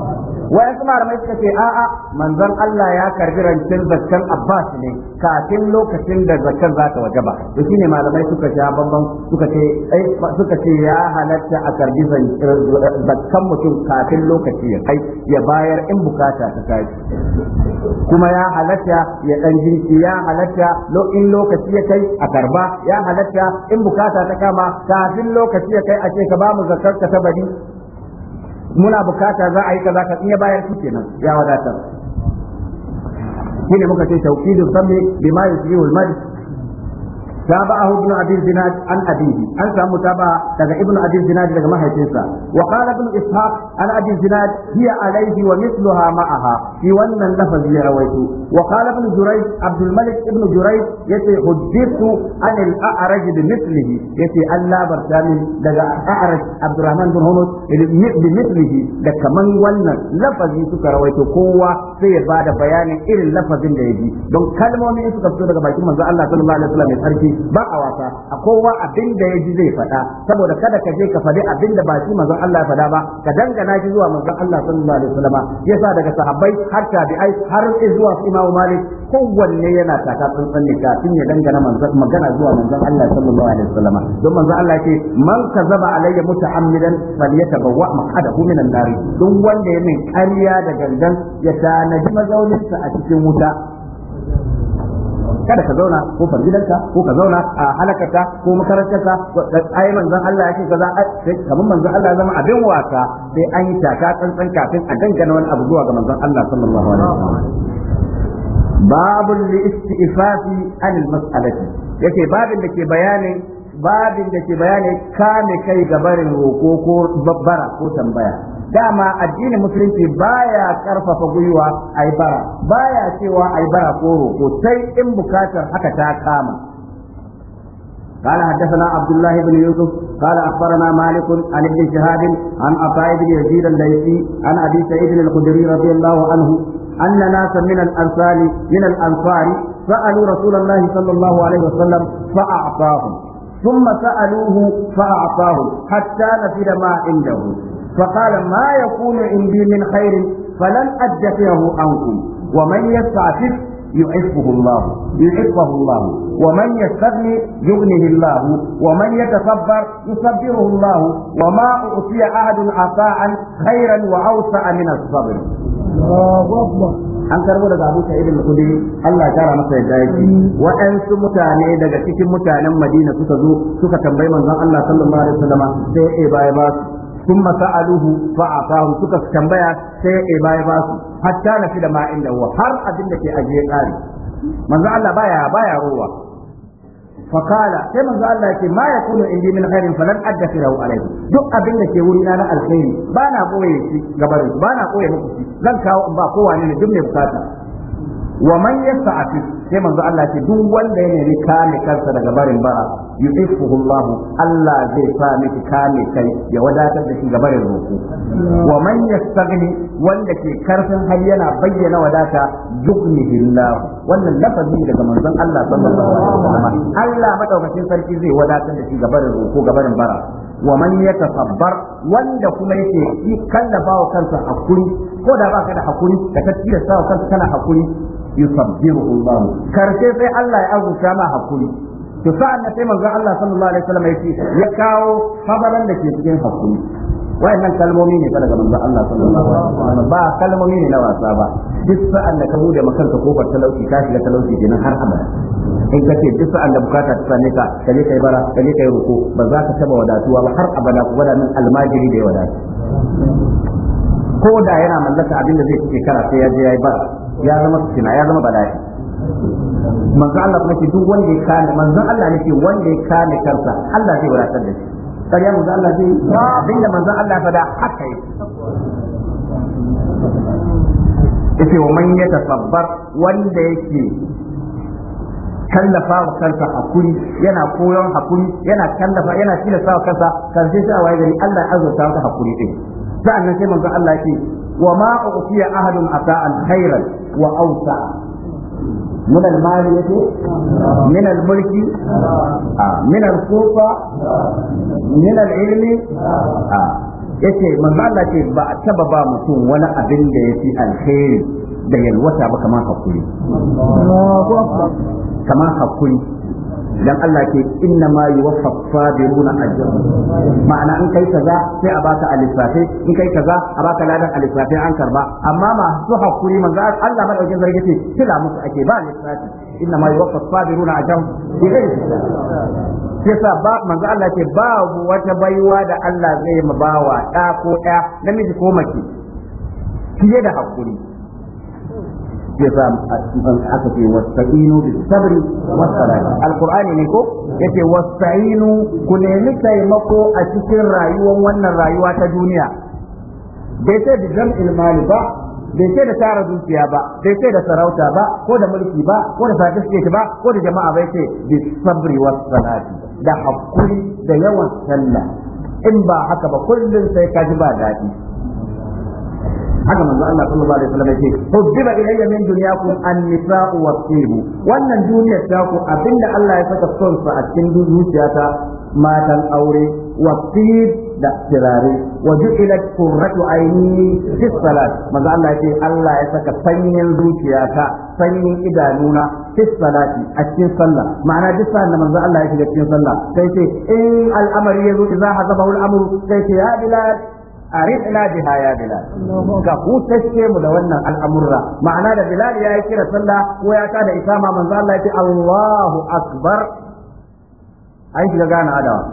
wayansu malamai suka ce a'a manzon Allah ya karbi rancin zaccen Abbas ne kafin lokacin da zaccen za ta wajaba to shine malamai suka ja bambam suka ce ai suka ce ya halatta a karbi zakkan mutum kafin lokaci ya kai ya bayar in bukata ta kai kuma ya halatta ya dan jinki ya halatta in lokaci ya kai a karba ya halatta in bukata ta kama kafin lokaci ya kai a ce ka ba mu zakkar ka ta bari muna bukata za a yi kaza ka in ya bayar su kenan ya wadatar shine muka ce tawkidul zambi bima yusbihu al-madi تابعه ابن ابي الزناد عن ابيه ان سام متابعه daga ابن ابي الزناد daga mahaifinsa وقال ابن اسحاق عن ابي الزناد هي عليه ومثلها معها في wannan لفظ يرويته وقال ابن جريج عبد الملك ابن جريج يتي حدثت عن الاعرج بمثله يتي الله برتامي daga اعرج عبد الرحمن بن هونس بمثله da kaman wannan lafazi suka rawaito kowa sai ya da bayanin irin lafazin da ya ji don kalmomin suka fito daga bakin manzo Allah sallallahu alaihi wasallam mai sarki ba a wasa a kowa abin da ya ji zai faɗa saboda kada ka je ka faɗi abin da baki manzo Allah ya faɗa ba ka dangana shi zuwa manzo Allah sallallahu alaihi wasallam yasa daga sahabbai har tabi'ai har zuwa Imam Malik kowanne yana taka tsantsan ne kafin ya dangana manzo magana zuwa manzo Allah sallallahu alaihi wasallam don manzo Allah yake man kazaba alayya muta'ammidan falyatabawwa maqadahu minan nar Don wanda ya min kariya da gangan ya ta tanaji mazauninsa a cikin wuta kada ka zauna ko fargidanka ko ka zauna a halakata ko makarantarka ai manzon Allah yake kaza sai kamar manzon Allah zama abin wasa sai an yi taka tsantsan kafin a dangana wani abu zuwa ga manzon Allah sallallahu alaihi wasallam babul istifafi an mas'alati yake babin da ke bayani, babin da ke bayani, kame kai ga barin roko ko babbara ko tambaya dama addinin musulunci baya karfafa gwiwa ai bara baya cewa ai bara ko roƙo sai in bukatar haka ta kama قال حدثنا عبد الله بن يوسف قال اخبرنا مالك عن ابن شهاب عن عطاء بن يزيد الليثي عن ابي سعيد الخدري رضي الله عنه ان ناسا من الانصار من الانصار سالوا رسول الله صلى الله عليه وسلم فاعطاهم ثم سالوه فاعطاهم حتى نفد ما عنده فقال ما يكون عندي من خير فلن أدفعه عنكم ومن يستعفف يعفه الله يعفه الله ومن يستغني يغنه الله ومن يتصبر يصبره الله وما أعطي أحد عطاء خيرا وأوسع من الصبر an karbo daga Abu Sa'id al-Khudri Allah ya kara masa yadda yake waɗansu mutane daga cikin mutanen Madina suka zo suka tambayi manzon Allah sallallahu alaihi wasallam sai ya baya ba su thumma aluhu fa atahu suka tambaya sai ya baya ba su hatta na fi da main da huwa har abin da ke ajiye ƙari, manzo Allah baya baya ruwa فقال ma ya لك ما يكون عندي من خير fi ادخره عليه duk abin da ke wuri na alkhairi ba na koye shi gabar ba na koye muku shi zan kawo in ba kowa ne duk mai bukata wa man yasta'fi sai manzo Allah ce duk wanda ya nemi kame kansa daga barin bara yu'iffuhu Allah Allah zai sa miki kame kai ya wadatar da shi gaba roƙo wa man yastaghni wanda ke karfin har yana bayyana wadata yughnihi Allah wannan lafazi daga manzon Allah sallallahu alaihi wasallam Allah madaukakin sarki zai wadatar da shi gaba da roƙo gaba bara wa man yatasabbar wanda kuma yake kallafa wa kansa hakuri ko da baka da hakuri da ka tira sa kanka kana hakuri yusabbiru Allah karshe sai Allah ya azuta ma hakuri to sa'an na sai manzon Allah sallallahu alaihi wasallam yace ya kawo habaran da ke cikin hakuri wayannan kalmomi ne daga manzon Allah sallallahu alaihi wasallam ba kalmomi ne na wasa ba duk sa'an da ka bude hude makanka kofar talauci ka shiga talauci kenan har abada in kace duk sa'an da bukata ta same ka ka je kai bara ka je kai ruku ba za ka taba wadatuwa ba har abada ku gwada min almajiri da ya wadatu ko da yana mallaka abin da zai shekara sai ya je ya yi bara ya zama fitina ya zama bala'i manzo Allah kuma ce duk wanda ya kame manzo Allah ne ce wanda ya kame kansa Allah zai wadatar da shi kariya manzo Allah zai abinda manzo Allah ya fada haka yake yace wa man ya tasabbar wanda yake kallafa wa kansa hakuri yana koyon hakuri yana kallafa yana tilasta wa kansa kan sai sai waye gari Allah ya azurta maka hakuri din sa'annan sai manzo Allah yake wa ma uqiya ahadun ata al khairan wa awsa من المالية من الملك من الكوفة من العلم yake manzo Allah ce ba a taba ba mutum wani abin da fi alheri da yalwata ba kamar hakuri kamar hakuri dan Allah ke inna ma yuwaffa sabiruna ajrahum ma'ana in kai kaza sai a baka alisafi in kai kaza a baka ladan alisafi an karba amma ma su hakuri manzo Allah madaukin zargi ce kila musu ake ba alisafi inna ma yuwaffa sabiruna ajrahum bi ghairi yasa ba manzo Allah ce babu wata baiwa da Allah zai bawa da ko da namiji ko mace fiye da hakuri yasa wasta'inu bis sabri was alqur'ani ne ko yace wasta'inu ku nemi taimako a cikin rayuwar wannan rayuwa ta duniya bai sai da jam'il mali ba bai sai da tara dukiya ba bai sai da sarauta ba ko da mulki ba ko da certificate ba ko da jama'a bai ce bis sabri was da hakuri da yawan sallah in ba haka ba kullun sai ka ji ba daɗi haka manzo Allah sallallahu alaihi wasallam yake hubbiba ilayya min dunyakum an-nisa'u wannan duniyar ta ku abinda Allah ya saka son sa a cikin zuciyata matan aure wasib da tirare wa ju'ilat qurratu aini fi salat manzo Allah yake Allah ya saka sanyin zuciyata sanyin idanuna fi salati a cikin sallah ma'ana duk sa'an da manzo Allah yake cikin sallah sai sai in al'amari yazo idza hazabahu al'amru sai sai ya bilal arifna biha ya bilal ka hutashe mu da wannan al'amurra ma'ana da bilal ya yi kira sallah ko ya ta da isama manzo Allah ya ce akbar an shiga gane adawa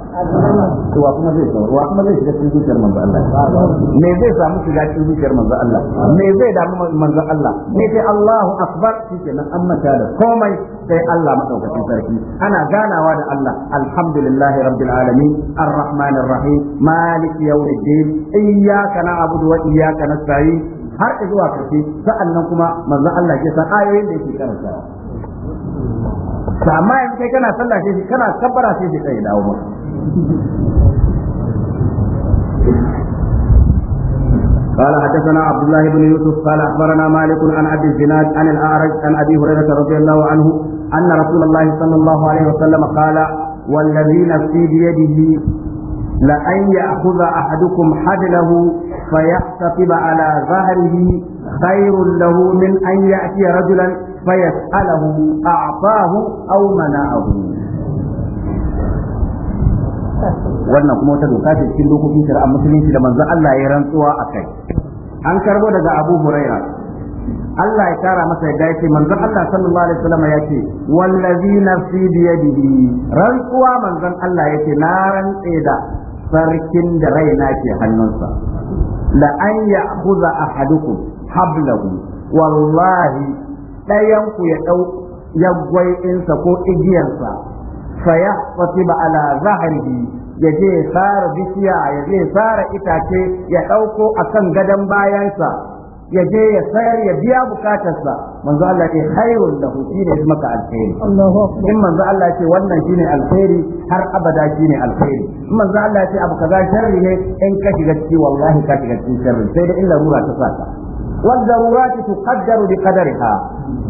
to wa kuma zai sauro wa kuma zai shiga cikin zuciyar manzo Allah me zai samu shiga cikin zuciyar manzo Allah me zai damu manzo Allah me sai Allahu akbar shikenan an da komai sai Allah madaukakin sarki ana ganawa da Allah alhamdulillahi rabbil alamin arrahmanir rahim malik yawmiddin iyyaka na'budu wa iyyaka nasta'in har zuwa karshe sa'annan kuma manzo Allah ke san ayoyin da yake karantawa to amma yanzu kai kana sallah sai kana kabbara sai sai dawo maka قال حدثنا عبد الله بن يوسف قال اخبرنا مالك عن ابي الزناد عن الاعرج عن ابي هريره رضي الله عنه ان رسول الله صلى الله عليه وسلم قال والذي نفسي بيده لأن يأخذ أحدكم حبله فيحتطب على ظهره خير له من أن يأتي رجلا فيسأله أعطاه أو منعه wannan kuma wata doka ce cikin dokokin shari'a musulunci da manzon Allah ya rantsuwa a kai an karbo daga Abu Huraira Allah ya tara masa yadda yake manzon Allah sallallahu alaihi wasallam ya ce wallazi nafsi bi yadihi rantsuwa manzon Allah ya ce na rantse da sarkin da raina ke hannunsa la an ya'khudha ahadukum hablahu wallahi ɗayan ya ɗau yaggwai insa ko igiyarsa, faya wasu fasiba ala ya je ya sara bishiya ya je ya sara itace ya ɗauko a kan gadon bayansa ya je ya sayar ya biya bukatarsa manzo Allah ce khairun lahu shine maka alkhairi in manzo Allah ce wannan shine alkhairi har abada shine alkhairi in manzo Allah ce abu kaza sharri ne in ka shiga ciki wallahi ka shiga cikin sharri sai da illa rura ta saka wal darurati tuqaddaru bi qadariha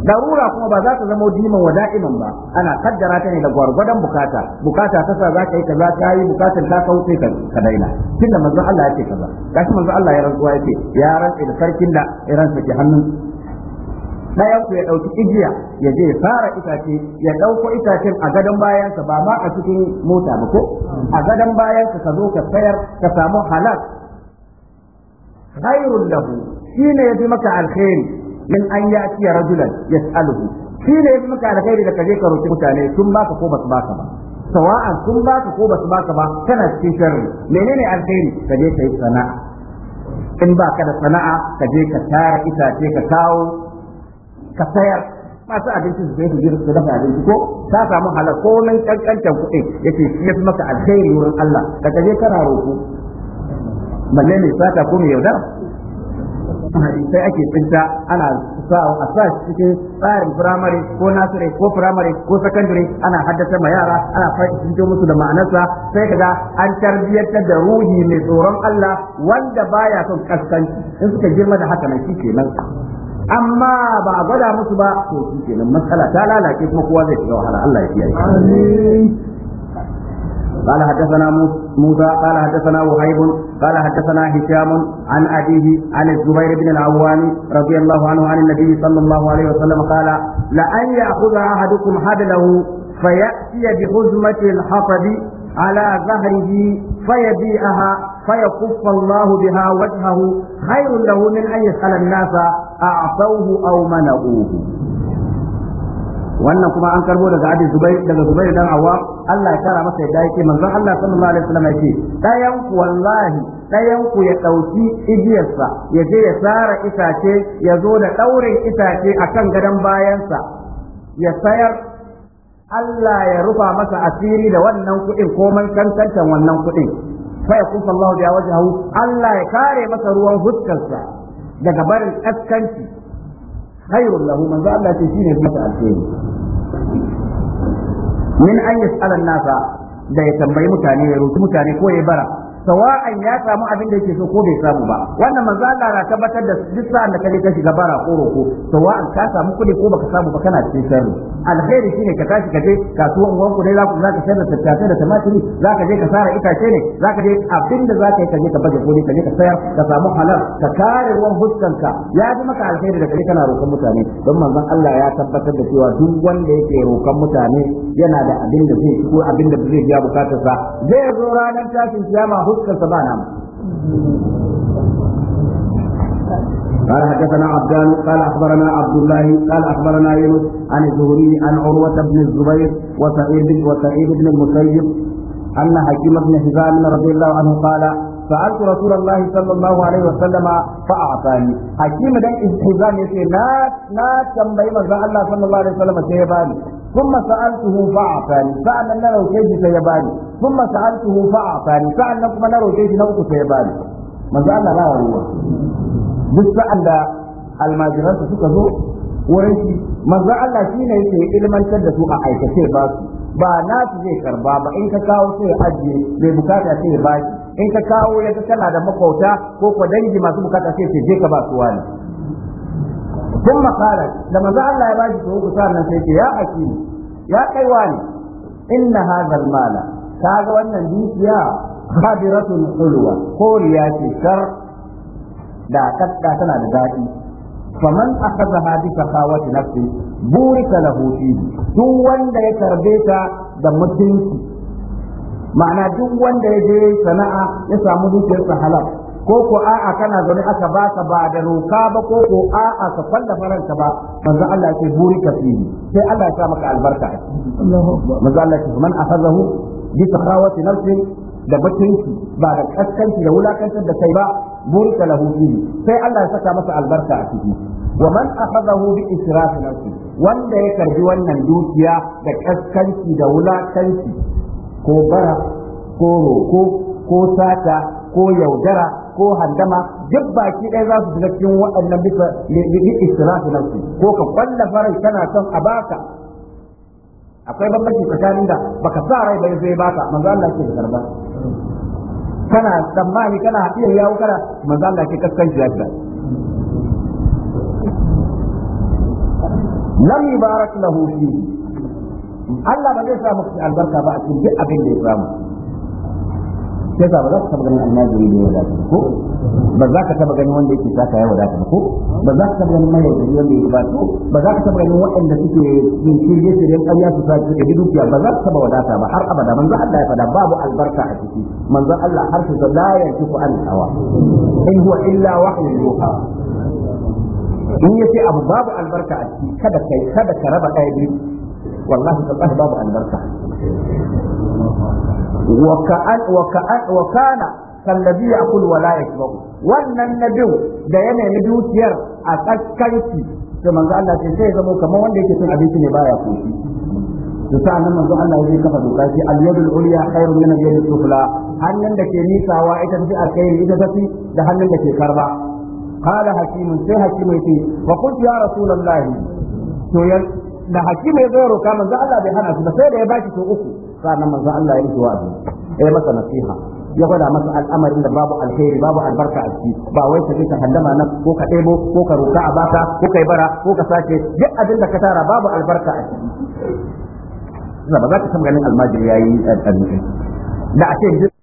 darura kuma ba za ta zama diman wa da'iman ba ana kaddara ta ne da gwargwadon bukata bukata ta sa za ka yi kaza ta yi bukatar ta kauce ka ka daina tunda manzo Allah ya ce kaza gashi manzo Allah ya rantsuwa ya ce ya rantsa da sarkin da ya rantsa ke hannun ɗayan ku ya ɗauki igiya ya je fara itace ya ɗauko itacen a gadon bayansa ba ma a cikin mota ba ko a gadon bayansa ka zo ka sayar ka samu halal khairul lahu shine yafi maka alkhairi min an yati rajulan yas'aluhu shine yafi maka alkhairi da kaje ka roki mutane sun baka ko basu baka ba sawa'an sun baka ko basu baka ba kana cikin sharri menene alkhairi kaje yi sana'a in ba ka da sana'a kaje ka tara itace ka kawo ka sayar masu abinci su zai hujjar su dafa abinci ko ta samu halar komin kankancan kuɗi yake ce ya fi maka alkhairi wurin Allah ka gaje kana roƙo balle mai sata ko mai yaudara hadisai ake tsinta ana sa a sa cikin tsarin firamare ko nasire ko firamare ko sakandare ana haddasa ma yara ana fahimtar musu da ma'anarsa sai kaga an tarbiyyar da ruhi mai tsoron Allah wanda baya son kaskanci in suka girma da haka nan shi kenan amma ba a gwada musu ba to shi kenan matsala ta lalace kuma kowa zai shiga wahala Allah ya kiyaye amin قال حدثنا موسى قال حدثنا وهيب قال حدثنا هشام عن أبيه عن الزبير بن العوام رضي الله عنه عن النبي صلى الله عليه وسلم قال لأن يأخذ أحدكم حبله فيأتي بحزمة الحطب على ظهره فيبيعها فيكف الله بها وجهه خير له من أن يسأل الناس a'tawhu aw mana'uhu wannan kuma an karbo daga Abi zubai daga Zubair dan Awwa Allah ya kara masa yadda yake manzon Allah sallallahu alaihi wasallam yake dayan ku wallahi dayan ku ya dauki igiyarsa ya je ya sara itace ya zo da daurin itace akan gadon bayansa ya sayar Allah ya rufa masa asiri da wannan kuɗin komai kankantan wannan kuɗin fa yakufa Allah biya wajhahu Allah ya kare masa ruwan huskarsa daga barin kaskanci khairun lahu manzo Allah ce shine masa alheri min an yas'ala an-nasa da ya tambayi mutane ya roki mutane ko ya bara sawa'an ya samu abin da yake so ko bai samu ba wannan manzo Allah ya tabbatar da duk sa'an da kaje ka shiga bara ko roko sawa'an ka samu kuɗi ko baka samu ba kana cikin sharri alheri shine ka tashi ka je kasuwan uwan ku dai za ku za ka sayar da tattasai da tumatiri za ka je ka sara itace ne za ka je abin da za ka yi ka je ka baje kuɗi ka je ka sayar ka samu halal ka kare ruwan fuskanka ya ji maka alheri da kaje kana roƙon mutane don manzon Allah ya tabbatar da cewa duk wanda yake roƙon mutane yana da abin da zai ko abin da zai biya bukatarsa zai zo ranar tashin kiyama فكر سبانا نعم. قال حدثنا عبدان قال اخبرنا عبد الله قال اخبرنا يونس عن الزهري عن عروه بن الزبير وسعيد وسعيد بن المسيب ان حكيم بن حزام رضي الله عنه قال سألت رسول الله صلى الله عليه وسلم فأعطاني حكيم بن حزام يقول لا لا تنبئي الله صلى الله عليه وسلم سيباني thumma sa'altuhu fa'atani sa'annan na roke sai ya bani thumma sa'altuhu fa'atani sa'annan kuma na roke shi na uku sai ya bani manzo Allah ba ruwa duk sa'an da almajiransu suka zo wurin shi manzo Allah shine yake ilmantar da su a aikace ba su ba na su zai karba ba in ka kawo sai ajiye bai bukata sai ya baki in ka kawo ya ga da makauta ko ko dangi masu bukata sai ce ba su wani kun makara da maza Allah ya bashi to ku sa'an nan sai ce ya hakimi ya kai wani inna hadha mala kaga wannan dukiya khadiratun ulwa riya ce kar da kadda tana da dadi faman akhadha bi sakawati nafsi burika lahu fihi duk wanda ya karbe ta da mutunci ma'ana duk wanda ya je sana'a ya samu dukiyarsa halal ko ko a'a kana zaune aka ba baka ba da roka ba ko ko a'a ka falla faranta ba manzo Allah ke buri ka fili sai Allah ya sa maka albarka manzo Allah ke man akhadahu bi takhawati nafsi da batunci ba da kaskanci da wulakantar da kai ba buri ka lahu fi sai Allah ya saka masa albarka a ciki wa man akhadahu bi israf nafsi wanda ya karbi wannan dukiya da kaskanci da wulakanci ko bara ko roko ko sata ko yaudara ko haddama duk baki ɗaya za su shiga cikin waɗannan bisa li istirahi nafsi ko ka kwalla farai kana son a baka akwai bambanci tsakanin da baka sa rai bai zai baka manzo Allah ke karba kana tsammani kana hadiya yawo kana manzo Allah ke kaskanci yadda lam yubarak lahu fi Allah ba zai sa maka albarka ba a cikin duk abin da ya samu yasa ba za ka taba ganin almajiri da ya wadata ko ba za ka taba ganin wanda yake saka ya wadata ko ba za ka taba ganin mai yaji wanda yake ba to ba za ka taba ganin waɗanda suke yin shirye shiryen ƙarya su sake da dukiya ba za ka taba wadata ba har abada manzo Allah ya fada babu albarka a ciki manzo Allah har su la yantiku an hawa in huwa illa wahyu yuha in yace abu babu albarka a ciki kada kai kada ka raba ɗaya biyu wallahi tallahi babu albarka wa kana kallabi ya kulu wala ya wannan na biyu da ya nemi dukiyar a kaskanci to manzo Allah ce sai ya zama kamar wanda yake cin abinci ne baya koshi to sa'an nan manzo Allah zai kafa doka ce al yadul ulya khairun min al yadul sufla hannun da ke nisawa ita ce alkhairi ita tafi da hannun da ke karba qala hakim sai hakim yace wa qult ya rasulullah to ya da hakim ya zo roka manzo Allah bai hana su sai da ya baki to uku sannan manzon Allah ya yi wa'azi ya masa nasiha ya gwada masa al'amarin da babu alheri babu albarka a ciki ba wai ka je ka handama nan ko ka ɗebo ko ka ruka a baka ko ka yi bara ko ka sace duk abin da ka tara babu albarka a ciki ba za ka san ganin almajiri yayi eh, eh, eh. da a ce